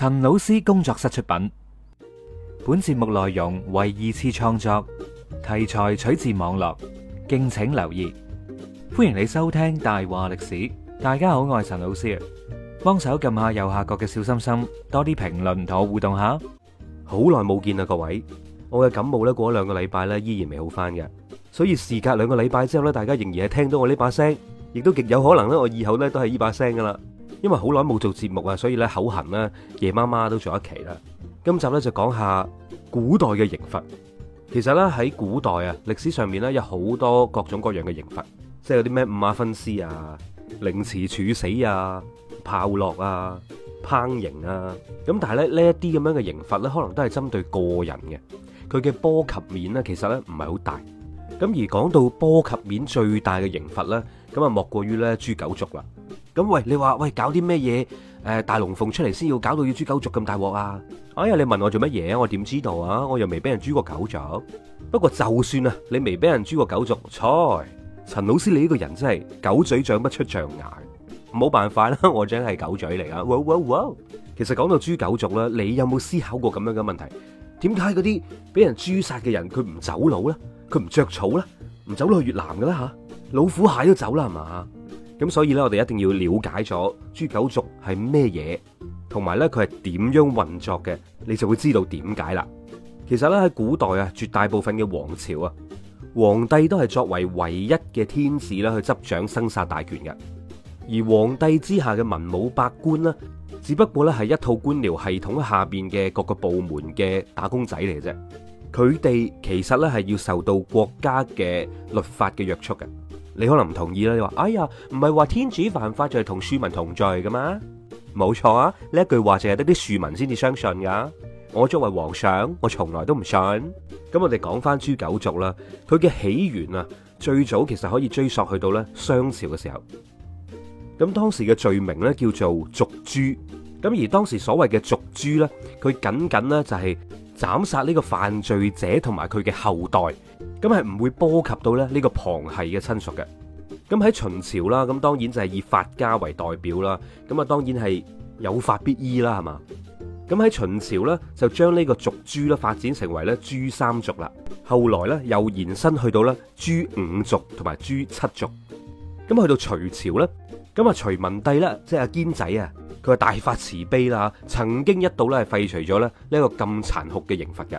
陳老師工作室出品，本節目內容為二次創作，題材取自網絡，敬請留意。歡迎你收聽《大話歷史》，大家好，我係陳老師。幫手撳下右下角嘅小心心，多啲評論同我互動下。好耐冇見啦，各位，我嘅感冒咧過咗兩個禮拜咧，依然未好翻嘅，所以事隔兩個禮拜之後咧，大家仍然係聽到我呢把聲，亦都極有可能咧，我以後咧都係呢把聲噶啦。因為好耐冇做節目啊，所以咧，口痕咧，夜媽媽都做一期啦。今集咧就講下古代嘅刑罰。其實咧，喺古代啊，歷史上面咧有好多各種各樣嘅刑罰，即係嗰啲咩五馬分屍啊、凌遲處死啊、炮烙啊、烹刑啊。咁但係咧呢一啲咁樣嘅刑罰咧，可能都係針對個人嘅，佢嘅波及面咧其實咧唔係好大。咁而講到波及面最大嘅刑罰咧，咁啊莫過於咧誅九族啦。咁喂，你話喂搞啲咩嘢？誒、呃，大龍鳳出嚟先要搞到要誅九族咁大鑊啊！哎呀，你問我做乜嘢？我點知道啊？我又未俾人誅過九族。不過就算啊，你未俾人誅過九族，菜，陳老師你呢個人真係狗嘴長不出象牙，冇辦法啦，我真係狗嘴嚟啊！哇、wow, wow, wow. 其實講到誅九族咧，你有冇思考過咁樣嘅問題？點解嗰啲俾人誅殺嘅人，佢唔走佬咧？佢唔着草咧？唔走落去越南噶啦吓？老虎蟹都走啦係嘛？咁所以咧，我哋一定要了解咗誅九族係咩嘢，同埋咧佢係點樣運作嘅，你就會知道點解啦。其實咧喺古代啊，絕大部分嘅王朝啊，皇帝都係作為唯一嘅天子啦，去執掌生殺大權嘅。而皇帝之下嘅文武百官呢，只不過咧係一套官僚系統下邊嘅各個部門嘅打工仔嚟啫。佢哋其實咧係要受到國家嘅律法嘅約束嘅。你可能唔同意啦，你話哎呀，唔係話天子犯法就係同庶民同罪噶嘛？冇錯啊，呢一句話就係得啲庶民先至相信噶。我作為皇上，我從來都唔信。咁我哋講翻誅九族啦，佢嘅起源啊，最早其實可以追溯去到呢商朝嘅時候。咁當時嘅罪名呢，叫做族誅。咁而當時所謂嘅族誅呢，佢僅僅呢就係、是。斬殺呢個犯罪者同埋佢嘅後代，咁係唔會波及到咧呢個旁系嘅親屬嘅。咁喺秦朝啦，咁當然就係以法家為代表啦。咁啊，當然係有法必依啦，係嘛。咁喺秦朝呢，就將呢個族誅咧發展成為咧誅三族啦。後來呢，又延伸去到咧誅五族同埋誅七族。咁去到隋朝呢，咁啊隋文帝呢，即係阿堅仔啊。佢大發慈悲啦，曾經一度咧係廢除咗咧呢一個咁殘酷嘅刑罰嘅，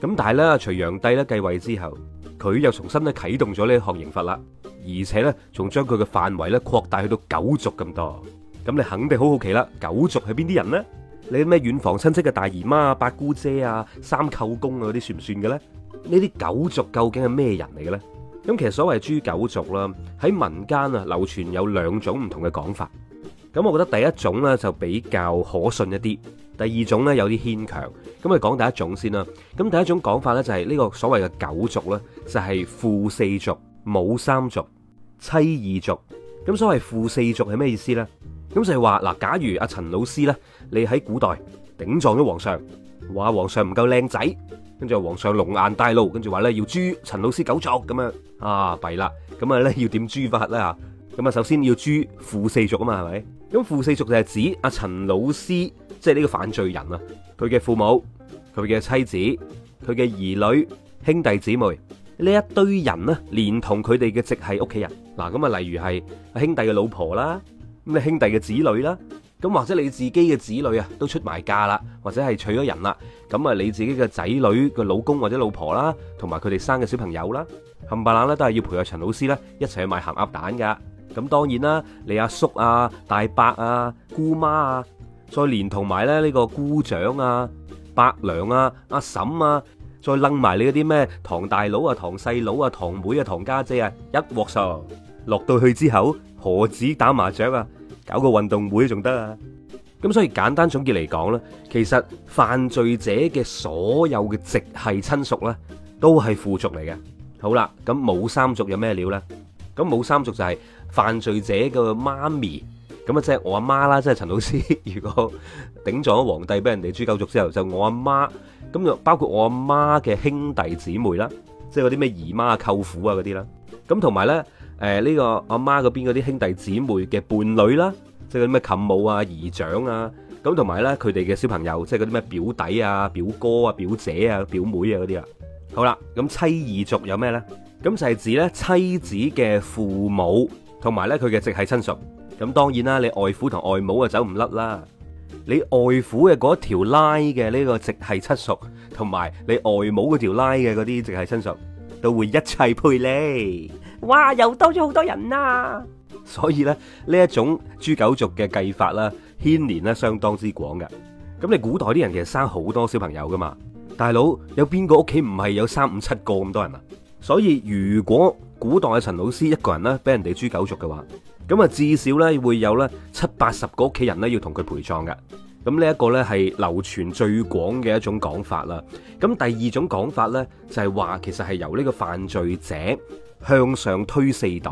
咁但係咧，隋煬帝咧繼位之後，佢又重新咧啟動咗呢項刑罰啦，而且咧仲將佢嘅範圍咧擴大去到九族咁多。咁你肯定好好奇啦，九族係邊啲人咧？你咩遠房親戚嘅大姨媽啊、八姑姐啊、三舅公啊嗰啲算唔算嘅咧？呢啲九族究竟係咩人嚟嘅咧？咁其實所謂誅九族啦，喺民間啊流傳有兩種唔同嘅講法。咁我覺得第一種咧就比較可信一啲，第二種咧有啲牽強。咁啊講第一種先啦。咁第一種講法咧就係呢個所謂嘅九族咧，就係父四族、母三族、妻二族。咁所謂父四族係咩意思咧？咁就係話嗱，假如阿陳老師咧，你喺古代頂撞咗皇上，話皇上唔夠靚仔，跟住話皇上龍眼大怒，跟住話咧要誅陳老師九族咁樣，啊弊啦！咁啊咧要點誅法啦嚇？咁啊，首先要誅父四族啊嘛，係咪？咁父四族就係指阿陳老師，即係呢個犯罪人啊，佢嘅父母、佢嘅妻子、佢嘅兒女、兄弟姊妹呢一堆人咧，連同佢哋嘅直係屋企人嗱。咁啊，例如係兄弟嘅老婆啦，咁你兄弟嘅子女啦，咁或者你自己嘅子女啊都出埋嫁啦，或者係娶咗人啦，咁啊你自己嘅仔女嘅老公或者老婆啦，同埋佢哋生嘅小朋友啦，冚唪唥咧都係要陪阿陳老師咧一齊去買鹹鴨蛋噶。咁當然啦，你阿叔啊、大伯啊、姑媽啊，再連同埋咧呢個姑丈啊、伯娘啊、阿嬸啊，再擸埋你嗰啲咩堂大佬啊、堂細佬啊、堂妹啊、堂家姐啊，一鑊熟落到去之後，何止打麻雀啊？搞個運動會都仲得啊！咁所以簡單總結嚟講咧，其實犯罪者嘅所有嘅直系親屬咧，都係父族嚟嘅。好啦，咁母三族有咩料咧？咁母三族就係。犯罪者嘅媽咪咁啊，即係我阿媽啦，即係陳老師。如果頂撞咗皇帝，俾人哋誅九族之後，就是、我阿媽咁。包括我阿媽嘅兄弟姊妹啦，即係嗰啲咩姨媽啊、舅父啊嗰啲啦。咁同埋咧，誒、這、呢個阿媽嗰邊嗰啲兄弟姊妹嘅伴侶啦，即係嗰啲咩舅母啊、姨丈啊。咁同埋咧，佢哋嘅小朋友，即係嗰啲咩表弟啊、表哥啊、表姐啊、表妹啊嗰啲啊。好啦，咁妻兒族有咩咧？咁就係、是、指咧妻子嘅父母。同埋咧，佢嘅直系親屬，咁當然啦，你外父同外母啊走唔甩啦，你外父嘅嗰條拉嘅呢個直系親屬，同埋你外母嗰條拉嘅嗰啲直系親屬，都會一齊陪你。哇，又多咗好多人啊！所以咧，呢一種誅九族嘅計法啦，牽連咧相當之廣嘅。咁你古代啲人其實生好多小朋友噶嘛，大佬有邊個屋企唔係有三五七個咁多人啊？所以如果古代嘅陳老師一個人咧，俾人哋誅九族嘅話，咁啊至少咧會有咧七八十個屋企人咧要同佢陪葬嘅。咁呢一個咧係流傳最廣嘅一種講法啦。咁第二種講法咧就係話，其實係由呢個犯罪者向上推四代，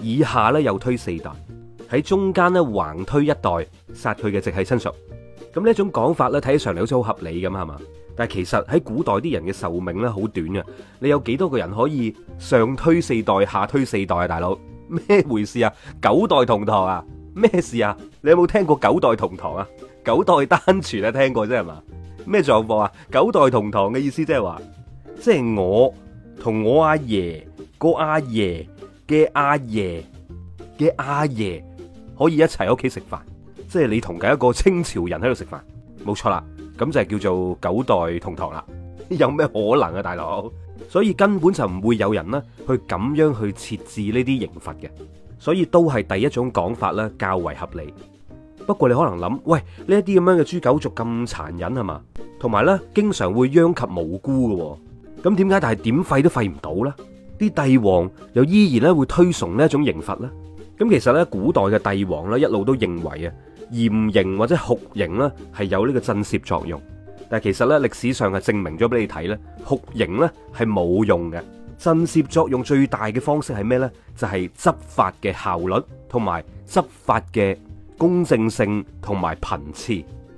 以下咧又推四代，喺中間咧橫推一代，殺佢嘅直系親屬。咁呢一種講法咧睇起上嚟，都好合理咁，係嘛？但其實喺古代啲人嘅壽命咧好短啊，你有幾多個人可以上推四代，下推四代啊？大佬咩回事啊？九代同堂啊？咩事啊？你有冇聽過九代同堂啊？九代單傳啊？聽過啫係嘛？咩狀況啊？九代同堂嘅意思即係話，即係我同我阿爺個阿爺嘅阿爺嘅阿爺可以一齊喺屋企食飯，即係你同緊一個清朝人喺度食飯，冇錯啦。咁就係叫做九代同堂啦，有咩可能啊，大佬？所以根本就唔會有人呢去咁樣去設置呢啲刑罰嘅，所以都係第一種講法咧較為合理。不過你可能諗，喂，呢一啲咁樣嘅誅九族咁殘忍係嘛，同埋呢經常會殃及無辜嘅，咁點解但係點廢都廢唔到呢？啲帝王又依然咧會推崇呢一種刑罰呢。咁其實呢，古代嘅帝王呢一路都認為啊。嚴刑或者酷刑呢係有呢個震懾作用。但係其實呢，歷史上係證明咗俾你睇呢，酷刑呢係冇用嘅。震懾作用最大嘅方式係咩呢？就係執法嘅效率同埋執法嘅公正性同埋頻次。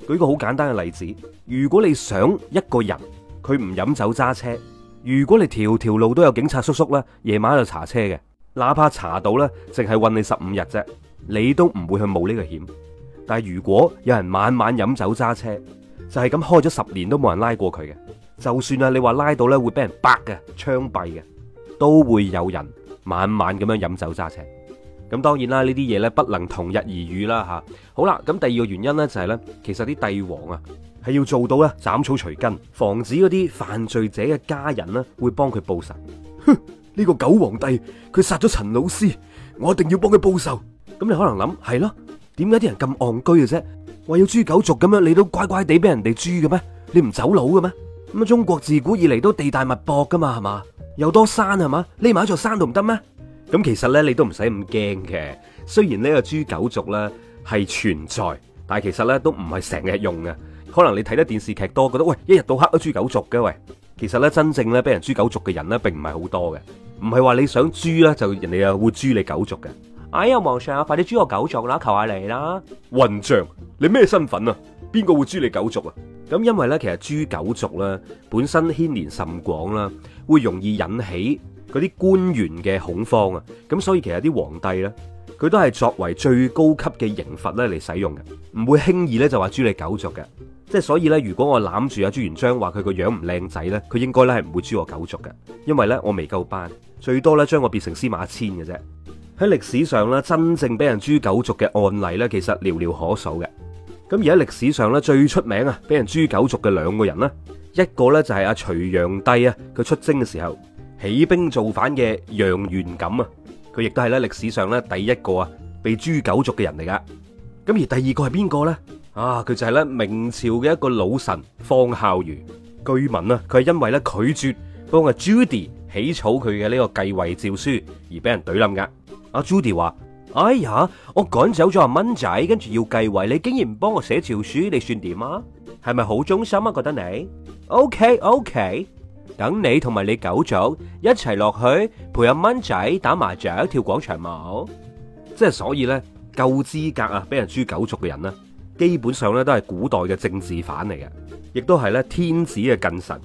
舉一個好簡單嘅例子，如果你想一個人佢唔飲酒揸車，如果你條條路都有警察叔叔呢，夜晚喺度查車嘅，哪怕查到呢，淨係運你十五日啫，你都唔會去冒呢個險。但係如果有人晚晚飲酒揸車，就係咁開咗十年都冇人拉過佢嘅，就算啊你話拉到咧會俾人掰嘅、槍斃嘅，都會有人晚晚咁樣飲酒揸車。咁當然啦，呢啲嘢咧不能同日而語啦吓。好啦，咁第二個原因咧就係咧，其實啲帝王啊係要做到咧斬草除根，防止嗰啲犯罪者嘅家人咧會幫佢報仇。哼，呢個狗皇帝佢殺咗陳老師，我一定要幫佢報仇。咁你可能諗係咯。點解啲人咁戇居嘅啫？話要誅九族咁樣，你都乖乖地俾人哋誅嘅咩？你唔走佬嘅咩？咁啊，中國自古以嚟都地大物博噶嘛，係嘛？又多山係嘛？匿埋一座山都唔得咩？咁其實咧，你都唔使咁驚嘅。雖然呢個誅九族咧係存在，但係其實咧都唔係成日用嘅。可能你睇得電視劇多，覺得喂一日到黑都誅九族嘅喂。其實咧真正咧俾人誅九族嘅人咧，並唔係好多嘅。唔係話你想誅咧，就人哋啊會誅你九族嘅。哎呀，皇上啊，快啲誅我九族啦！求下你啦！混帳，你咩身份啊？邊個會誅你九族啊？咁因為呢，其實誅九族咧，本身牽連甚廣啦，會容易引起嗰啲官員嘅恐慌啊！咁所以其實啲皇帝呢，佢都係作為最高級嘅刑罰咧嚟使用嘅，唔會輕易咧就話誅你九族嘅。即係所以呢，如果我攬住阿朱元璋話佢個樣唔靚仔呢，佢應該咧係唔會誅我九族嘅，因為呢，我未夠班，最多咧將我變成司馬遷嘅啫。喺歷史上咧，真正俾人誅九族嘅案例咧，其實寥寥可數嘅。咁而喺歷史上咧，最出名啊，俾人誅九族嘅兩個人咧，一個咧就係阿隋煬帝啊，佢出征嘅時候起兵造反嘅楊玄感啊，佢亦都係咧歷史上咧第一個啊被誅九族嘅人嚟噶。咁而第二個係邊個咧？啊，佢就係咧明朝嘅一個老臣方孝孺，據聞啊，佢係因為咧拒絕幫阿朱棣起草佢嘅呢個繼位詔書而俾人懟冧噶。阿朱棣話：哎呀，我趕走咗阿蚊仔，跟住要繼位，你竟然唔幫我寫詔書，你算點啊？係咪好忠心啊？覺得你？OK OK，等你同埋你九族一齊落去陪阿蚊仔打麻雀、跳廣場舞。即係所以呢，夠資格啊，俾人誅九族嘅人呢，基本上呢都係古代嘅政治犯嚟嘅，亦都係呢天子嘅近臣，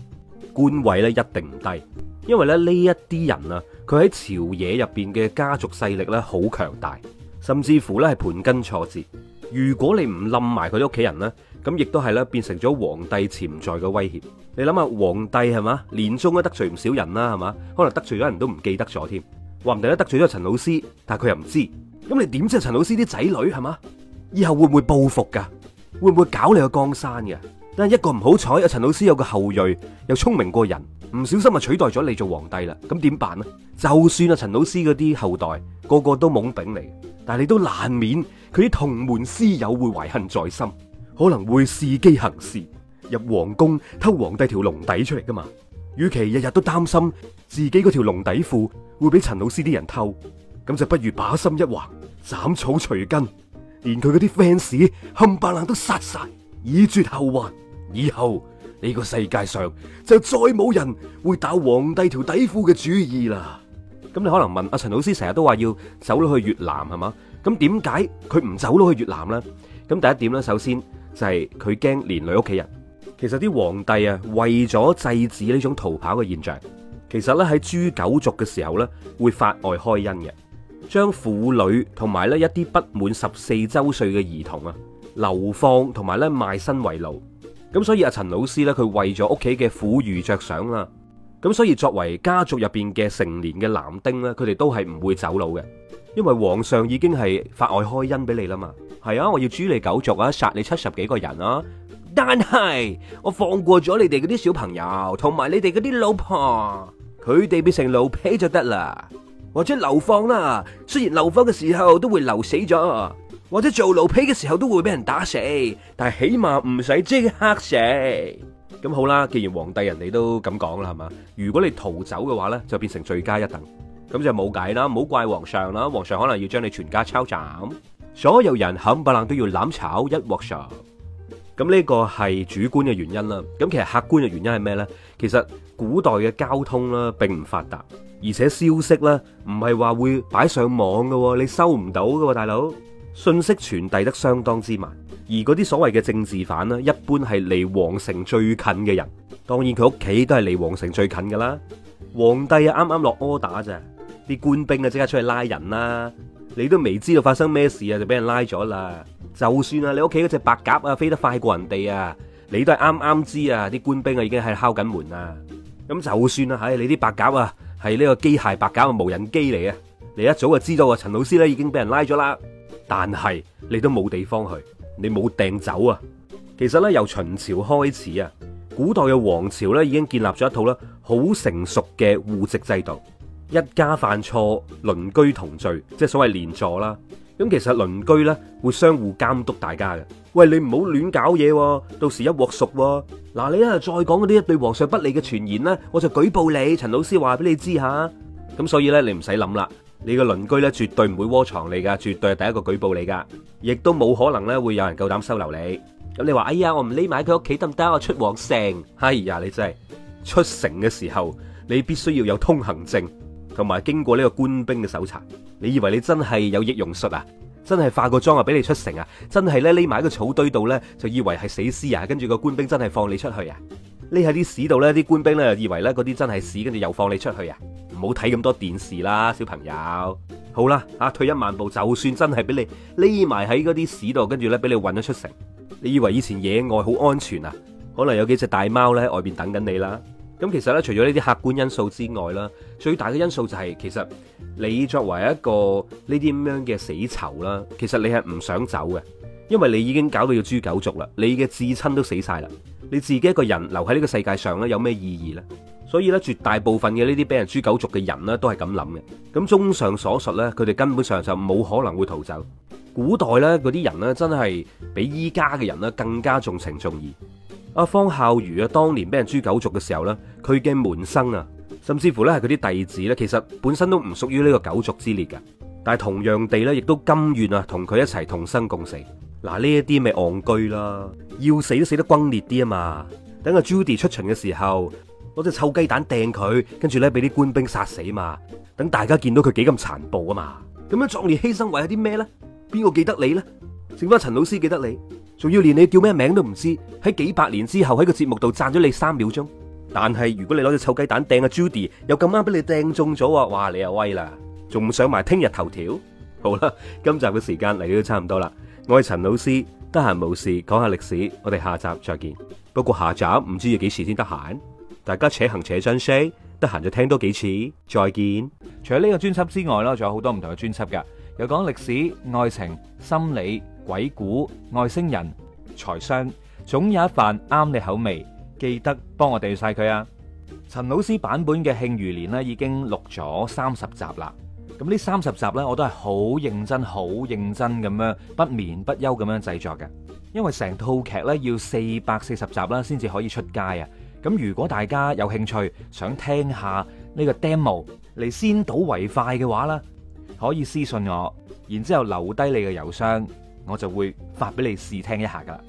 官位呢一定唔低，因為咧呢一啲人啊。佢喺朝野入邊嘅家族勢力咧好強大，甚至乎咧係盤根錯節。如果你唔冧埋佢啲屋企人呢，咁亦都係咧變成咗皇帝潛在嘅威脅。你諗下，皇帝係嘛，年中都得罪唔少人啦，係嘛，可能得罪咗人都唔記得咗添。話唔定咧得罪咗陳老師，但係佢又唔知。咁你點知陳老師啲仔女係嘛？以後會唔會報復噶？會唔會搞你個江山嘅？但係一個唔好彩啊，陳老師有個後裔又聰明過人。唔小心啊取代咗你做皇帝啦，咁點辦呢？就算啊陳老師嗰啲後代個個都懵丙嚟，但係你都難免佢啲同門師友會懷恨在心，可能會伺機行事入皇宮偷皇帝條龍底出嚟噶嘛？與其日日都擔心自己嗰條龍底褲會俾陳老師啲人偷，咁就不如把心一橫，斬草除根，連佢嗰啲 fans 冚唪唥都殺晒，以絕後患，以後，呢個世界上就再冇人會打皇帝條底褲嘅主意啦。咁你可能問阿陳老師，成日都話要走佬去越南係嘛？咁點解佢唔走佬去越南呢？咁第一點呢，首先就係佢驚連累屋企人。其實啲皇帝啊，為咗制止呢種逃跑嘅現象，其實咧喺誅九族嘅時候呢，會法外開恩嘅，將婦女同埋咧一啲不滿十四周歲嘅兒童啊，流放同埋咧賣身為奴。咁所以阿陳老師咧，佢為咗屋企嘅婦孺着想啦。咁所以作為家族入邊嘅成年嘅男丁咧，佢哋都係唔會走佬嘅，因為皇上已經係法外開恩俾你啦嘛。係啊，我要誅你九族啊，殺你七十幾個人啊，但係我放過咗你哋嗰啲小朋友，同埋你哋嗰啲老婆，佢哋變成奴婢就得啦，或者流放啦。雖然流放嘅時候都會流死咗。或者做奴婢嘅時候都會俾人打死，但係起碼唔使即刻死咁好啦。既然皇帝人哋都咁講啦，係嘛？如果你逃走嘅話咧，就變成罪加一等，咁就冇計啦。唔好怪皇上啦，皇上可能要將你全家抄斬，所有人冚唪唥都要攬炒一鑊上。咁呢個係主觀嘅原因啦。咁其實客觀嘅原因係咩咧？其實古代嘅交通啦，並唔發達，而且消息咧唔係話會擺上網噶，你收唔到噶，大佬。信息傳遞得相當之慢，而嗰啲所謂嘅政治犯呢，一般係離皇城最近嘅人，當然佢屋企都係離皇城最近噶啦。皇帝啊，啱啱落 order 咋，啲官兵啊即刻出去拉人啦。你都未知道發生咩事啊，就俾人拉咗啦。就算啊，你屋企嗰隻白鴿啊，飛得快過人哋啊，你都係啱啱知啊，啲官兵啊已經係敲緊門啦。咁就算啊，你啲白鴿啊係呢個機械白鴿嘅無人機嚟啊，你一早就知道啊，陳老師咧已經俾人拉咗啦。但係你都冇地方去，你冇掟走啊！其實呢，由秦朝開始啊，古代嘅皇朝呢已經建立咗一套啦，好成熟嘅戶籍制度，一家犯錯，鄰居同罪，即係所謂連坐啦。咁其實鄰居呢會相互監督大家嘅。喂，你唔好亂搞嘢、啊，到時一鑊熟喎、啊。嗱，你啊再講嗰啲對皇上不利嘅傳言呢，我就舉報你。陳老師話俾你知、啊、吓，咁所以呢，你唔使諗啦。你個鄰居咧絕對唔會窩藏你噶絕對係第一個舉報你噶亦都冇可能咧會有人夠膽收留你。咁你話哎呀，我唔匿埋喺佢屋企得唔得？我出王城，哎呀，你真係出城嘅時候，你必須要有通行證，同埋經過呢個官兵嘅搜查。你以為你真係有易容術啊？真係化個妝啊，俾你出城啊？真係咧匿埋喺個草堆度咧，就以為係死屍啊？跟住個官兵真係放你出去啊？匿喺啲屎度咧，啲官兵咧就以為咧嗰啲真係屎，跟住又放你出去啊？唔好睇咁多電視啦，小朋友。好啦，啊退一萬步，就算真係俾你匿埋喺嗰啲屎度，跟住咧俾你運咗出城，你以為以前野外好安全啊？可能有幾隻大貓咧喺外邊等緊你啦。咁其實咧，除咗呢啲客觀因素之外啦，最大嘅因素就係，其實你作為一個呢啲咁樣嘅死囚啦，其實你係唔想走嘅。因為你已經搞到要誅九族啦，你嘅至親都死晒啦，你自己一個人留喺呢個世界上咧，有咩意義呢？所以咧，絕大部分嘅呢啲俾人誅九族嘅人呢，都係咁諗嘅。咁綜上所述呢，佢哋根本上就冇可能會逃走。古代呢，嗰啲人呢，真係比依家嘅人呢更加重情重義。阿方孝孺啊，當年俾人誅九族嘅時候呢，佢嘅門生啊，甚至乎呢，係佢啲弟子呢，其實本身都唔屬於呢個九族之列嘅，但係同樣地呢，亦都甘願啊，同佢一齊同生共死。嗱，呢一啲咪戇居啦，要死都死得轟烈啲啊嘛！等阿 Judy 出場嘅時候，攞隻臭雞蛋掟佢，跟住咧俾啲官兵殺死啊嘛！等大家見到佢幾咁殘暴啊嘛！咁樣壯烈犧牲為咗啲咩咧？邊個記得你咧？剩返陳老師記得你，仲要連你叫咩名都唔知，喺幾百年之後喺個節目度讚咗你三秒鐘。但係如果你攞隻臭雞蛋掟阿 Judy，又咁啱俾你掟中咗，哇！你又威啦，仲上埋聽日頭條。好啦，今集嘅時間嚟到都差唔多啦。我係陳老師，得閒冇事講下歷史，我哋下集再見。不過下集唔知要幾時先得閒，大家且行且珍惜，得閒就聽多幾次。再見！除咗呢個專輯之外仲有好多唔同嘅專輯噶，有講歷史、愛情、心理、鬼故、外星人、財商，總有一份啱你口味。記得幫我訂晒佢啊！陳老師版本嘅《慶餘年》已經錄咗三十集啦。咁呢三十集呢，我都係好認真、好認真咁樣不眠不休咁樣製作嘅。因為成套劇呢，要四百四十集啦，先至可以出街啊。咁如果大家有興趣想聽下呢個 demo 嚟先睹為快嘅話啦，可以私信我，然之後留低你嘅郵箱，我就會發俾你試聽一下噶。